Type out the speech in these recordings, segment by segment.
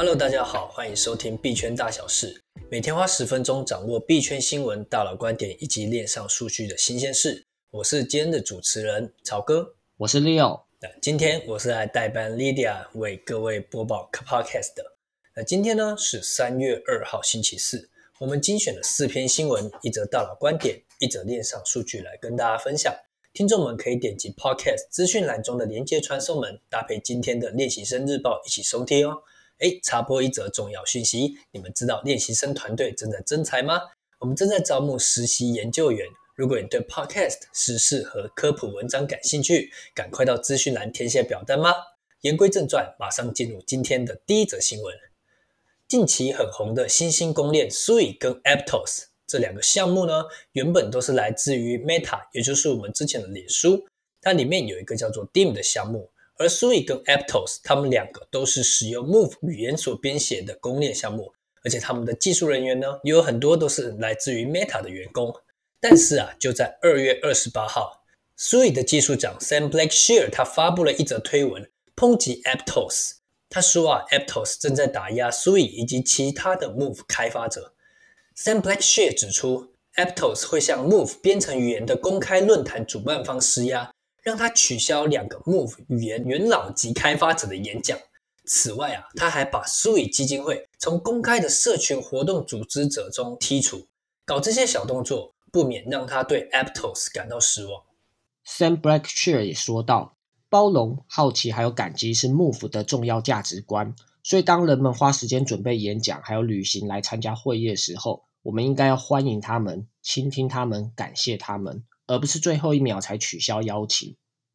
Hello，大家好，歡迎收聽幣圈大小事，每天花十分鐘掌握幣圈新聞、大佬觀點以及鏈上數據的新鮮事。我是今天的主持人曹哥，我是 Leo。那今天我是來代班 Lydia 為各位播報 Podcast 的。那今天呢是三月二號星期四，我們精選了四篇新聞、一則大佬觀點、一則鏈上數據來跟大家分享。聽眾們可以點擊 Podcast 資訊欄中的連接傳送門，搭配今天的鏈習生日報一起收聽哦。哎，插播一則重要訊息！你們知道鏈習生團隊正在徵才嗎？我們正在招募實習研究員。如果你對 Podcast、時事和科普文章感興趣，趕快到資訊欄填寫表單吧。言歸正傳，馬上進入今天的第一則新聞。近期很紅的新興公鏈 Sui 跟 Aptos 這兩個項目呢，原本都是來自於 Meta，也就是我們之前的臉書。它裡面有一個叫做 Diem 的項目。而 Sui 跟 Aptos，他們兩個都是使用 Move 語言所編寫的公鏈項目，而且他們的技術人員呢，也有很多都是來自於 Meta 的員工。但是啊，就在二月二十八號，Sui 的技術長 Sam Blackshear 他發布了一則推文，抨擊 Aptos。他說啊，Aptos 正在打壓 Sui 以及其他的 Move 開發者。Sam Blackshear 指出，Aptos 會向 Move 編程語言的公開論壇主辦方施壓。讓他取消兩個 Move 語言元老級開發者的演講。此外啊，他還把 Sui 基金會從公開的社群活動組織者中剔除。搞這些小動作，不免讓他對 Aptos 感到失望。Sam Blackshear 也說道：“包容、好奇還有感激是 Move 的重要價值觀。所以當人們花時間準備演講，還有旅行來參加會議的時候，我們應該要歡迎他們，傾聽他們，感謝他們。”而不是最後一秒才取消邀請。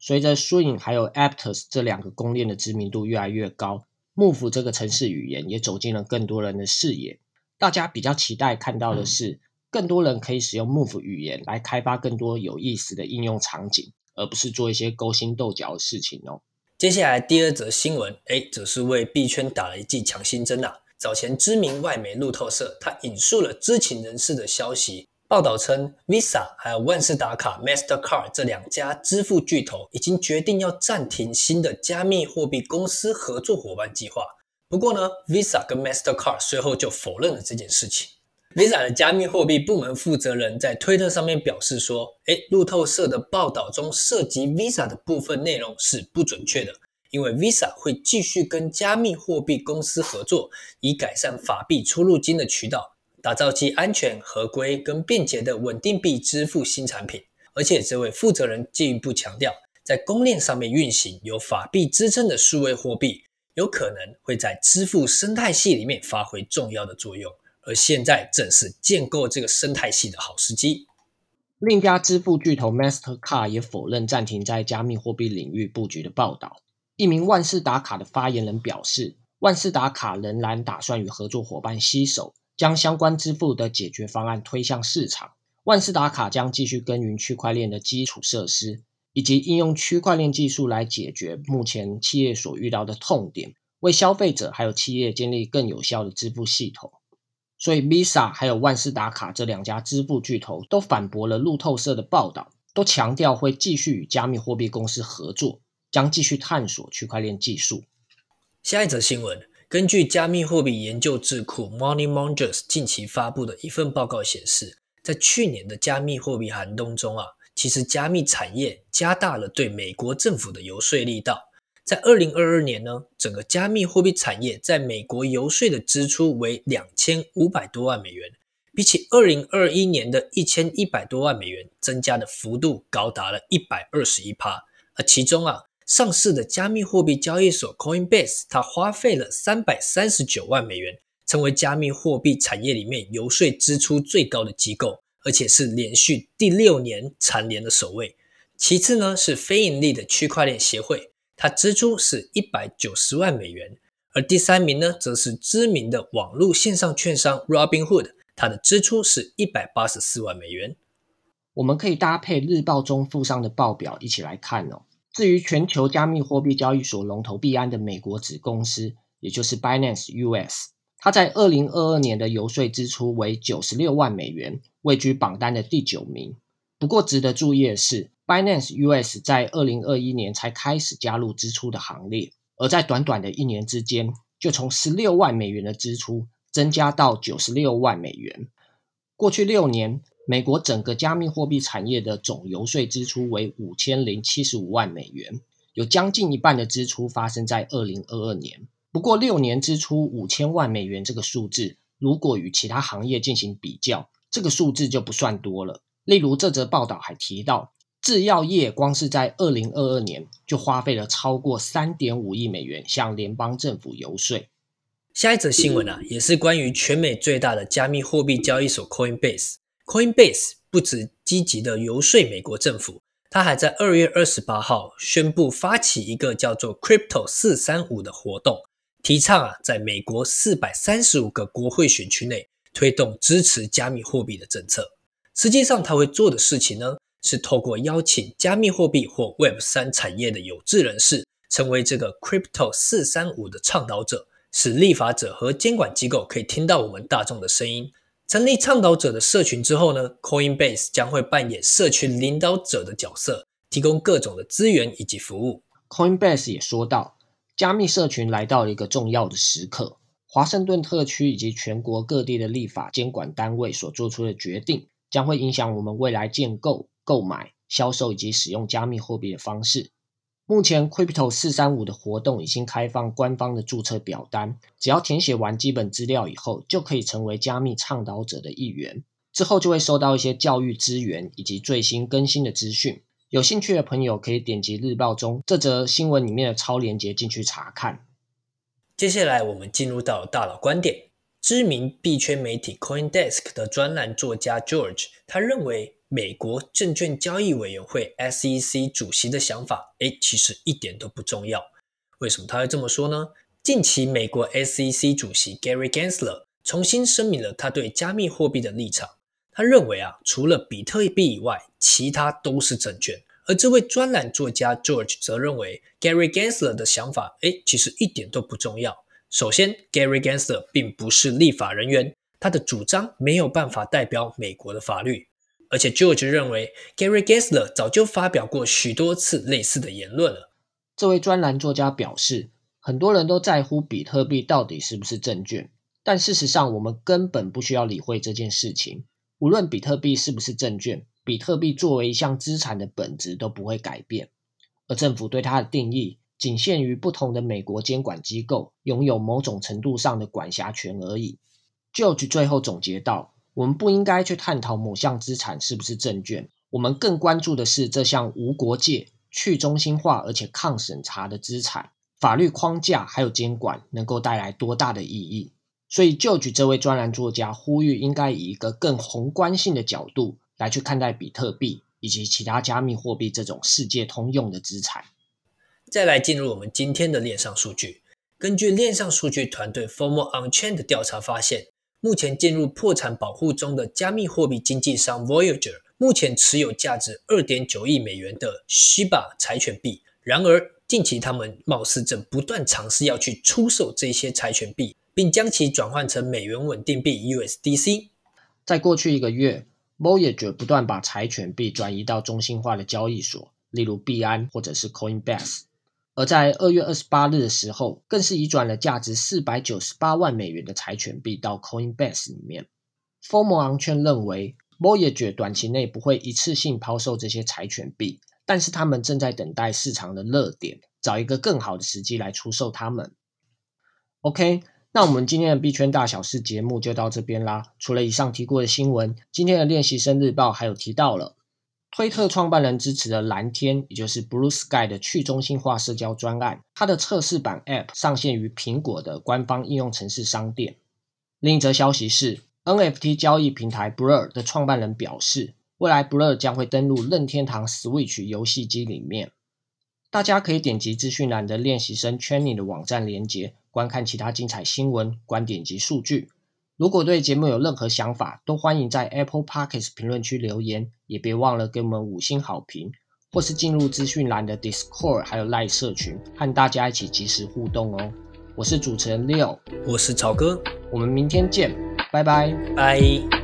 隨着 Sui 還有 Aptos 這兩個公鏈的知名度越來越高，Move 這個程式語言也走進了更多人的視野。大家比較期待看到的是，嗯、更多人可以使用 Move 語言來開發更多有意思的應用場景，而不是做一些勾心鬥角的事情哦。接下來第二則新聞，誒則是為幣圈打了一劑強心針吶、啊。早前知名外媒路透社，它引述了知情人士的消息。報道稱，Visa 還有萬事達卡、Mastercard 這兩家支付巨頭已經決定要暫停新的加密貨幣公司合作夥伴計劃。不過呢，Visa 跟 Mastercard 隨後就否認了這件事情。Visa 的加密貨幣部門負責人在推特上面表示說：“誒，路透社的報道中涉及 Visa 的部分內容是不準確的，因為 Visa 會繼續跟加密貨幣公司合作，以改善法幣出入金的渠道。”打造既安全、合規跟便捷的穩定幣支付新產品。而且，這位負責人進一步強調，在公鏈上面運行由法幣支撐的數位貨幣，有可能會在支付生態系裡面發揮重要的作用。而現在正是建構這個生態系的好時機。另一家支付巨頭 Mastercard 也否認暫停在加密貨幣領域布局的報道。一名萬事達卡的發言人表示，萬事達卡仍然打算與合作夥伴攜手。將相關支付的解決方案推向市場。萬事達卡將繼續耕耘區塊鏈的基礎設施，以及應用區塊鏈技術來解決目前企業所遇到的痛點，為消費者還有企業建立更有效的支付系統。所以，Visa 還有萬事達卡這兩家支付巨頭都反駁了路透社的報道，都強調會繼續與加密貨幣公司合作，將繼續探索區塊鏈技術。下一則新聞。根據加密貨幣研究智庫 Money Mongers 近期發布的一份報告顯示，在去年的加密貨幣寒冬中啊，其實加密產業加大了對美國政府的遊說力道。在二零二二年呢，整個加密貨幣產業在美國遊說的支出為兩千五百多萬美元，比起二零二一年的一千一百多萬美元，增加的幅度高達了一百二十一趴。而其中啊。上市的加密貨幣交易所 Coinbase，它花費了三百三十九萬美元，成為加密貨幣產業裡面遊說支出最高的機構，而且是連續第六年蟬聯的首位。其次呢，是非盈利的區塊鏈協會，它支出是一百九十萬美元，而第三名呢，則是知名的網絡線上券商 Robinhood，它的支出是一百八十四萬美元。我們可以搭配日報中附上的報表一起來看哦。至於全球加密貨幣交易所龍頭幣安的美國子公司，也就是 Binance US，它在二零二二年的遊說支出為九十六萬美元，位居榜單的第九名。不過值得注意的是，Binance US 在二零二一年才開始加入支出的行列，而在短短的一年之間，就從十六萬美元的支出增加到九十六萬美元。過去六年，美國整個加密貨幣產業的總遊說支出為五千零七十五萬美元，有將近一半的支出發生在二零二二年。不過六年支出五千萬美元這個數字，如果與其他行業進行比較，這個數字就不算多了。例如，這則報道還提到，制藥業光是在二零二二年就花費了超過三點五億美元向聯邦政府遊說。下一則新聞啊，也是關於全美最大的加密貨幣交易所 Coinbase。Coinbase 不只積極的遊說美國政府，他還在二月二十八號宣布發起一個叫做 “Crypto 四三五”的活動，提倡啊，在美國四百三十五個國會選區內推動支持加密貨幣的政策。實際上，他會做的事情呢，是透過邀請加密貨幣或 Web 三產業的有志人士，成為這個 “Crypto 四三五”的倡導者，使立法者和監管機構可以聽到我們大眾的聲音。成立倡導者的社群之後呢，Coinbase 將會扮演社群領導者的角色，提供各種的資源以及服務。Coinbase 也說到，加密社群來到了一個重要的時刻，華盛頓特區以及全國各地的立法監管單位所做出的決定，將會影響我們未來建構、購買、銷售以及使用加密貨幣的方式。目前 Crypto 435的活動已經開放官方的注冊表單，只要填寫完基本資料以後，就可以成為加密倡導者的一員。之後就會收到一些教育資源以及最新更新的資訊。有興趣的朋友可以點擊日報中這則新聞裡面的超鏈接進去查看。接下來，我們進入到大佬觀點。知名幣圈媒體 CoinDesk 的專欄作家 George，他認為，美國證券交易委員會 （SEC） 主席的想法，哎，其實一點都不重要。為什麼他會這麼說呢？近期，美國 SEC 主席 Gary Gensler 重新聲明了他對加密貨幣的立場。他認為啊，除了比特幣以外，其他都是證券。而這位專欄作家 George 則認為，Gary Gensler 的想法，哎，其實一點都不重要。首先，Gary Gensler 並不是立法人員，他的主張沒有辦法代表美國的法律。而且 George 認為 Gary Gensler 早就發表過許多次類似的言論了。這位專欄作家表示，很多人都在乎比特幣到底是不是證券，但事實上，我們根本不需要理會這件事情。無論比特幣是不是證券，比特幣作為一項資產的本質都不會改變，而政府對它的定義僅限於不同的美國監管機構擁有某種程度上的管轄權而已。George 最後總結到。我們不應該去探討某項資產是不是證券，我們更關注的是這項無國界、去中心化而且抗審查的資產，法律框架還有監管能夠帶來多大的意義。所以，就舉這位專欄作家呼籲，應該以一個更宏觀性的角度來去看待比特幣以及其他加密貨幣這種世界通用的資產。再來進入我們今天的鏈上數據，根據鏈上數據團隊 FOMOonchain 的調查發現。目前進入破產保護中的加密貨幣經紀商 Voyager，目前持有價值二點九億美元的 Shiba 柴犬幣。然而，近期他們貌似正不斷嘗試要去出售這些柴犬幣，並將其轉換成美元穩定幣 USDC。在過去一個月，Voyager 不斷把柴犬幣轉移到中心化的交易所，例如幣安或者是 Coinbase。而在二月二十八日的時候，更是移轉了價值四百九十八萬美元的柴犬幣到 Coinbase 裡面。FOMOonchain 認為，Voyager 短期內不會一次性拋售這些柴犬幣，但是他們正在等待市場的熱點，找一個更好的時機來出售它們。OK，那我們今天的幣圈大小事節目就到這邊啦。除了以上提過的新聞，今天的鏈習生日報還有提到了。推特創辦人支持的藍天，也就是 Blue Sky 的去中心化社交專案，它的測試版 App 上線於蘋果的官方應用程式商店。另一則消息是，NFT 交易平台 Blur 的創辦人表示，未來 Blur 將會登錄任天堂 Switch 遊戲機裡面。大家可以點擊資訊欄的練習生圈 h a n i n g 的網站鏈接，觀看其他精彩新聞、觀點及數據。如果對節目有任何想法，都歡迎在 Apple Podcast 評論區留言，也別忘了給我們五星好評，或是進入資訊欄的 Discord，還有 Line 社群，和大家一起即時互動哦。我是主持人 Leo，我是曹哥，我們明天見，拜拜，拜。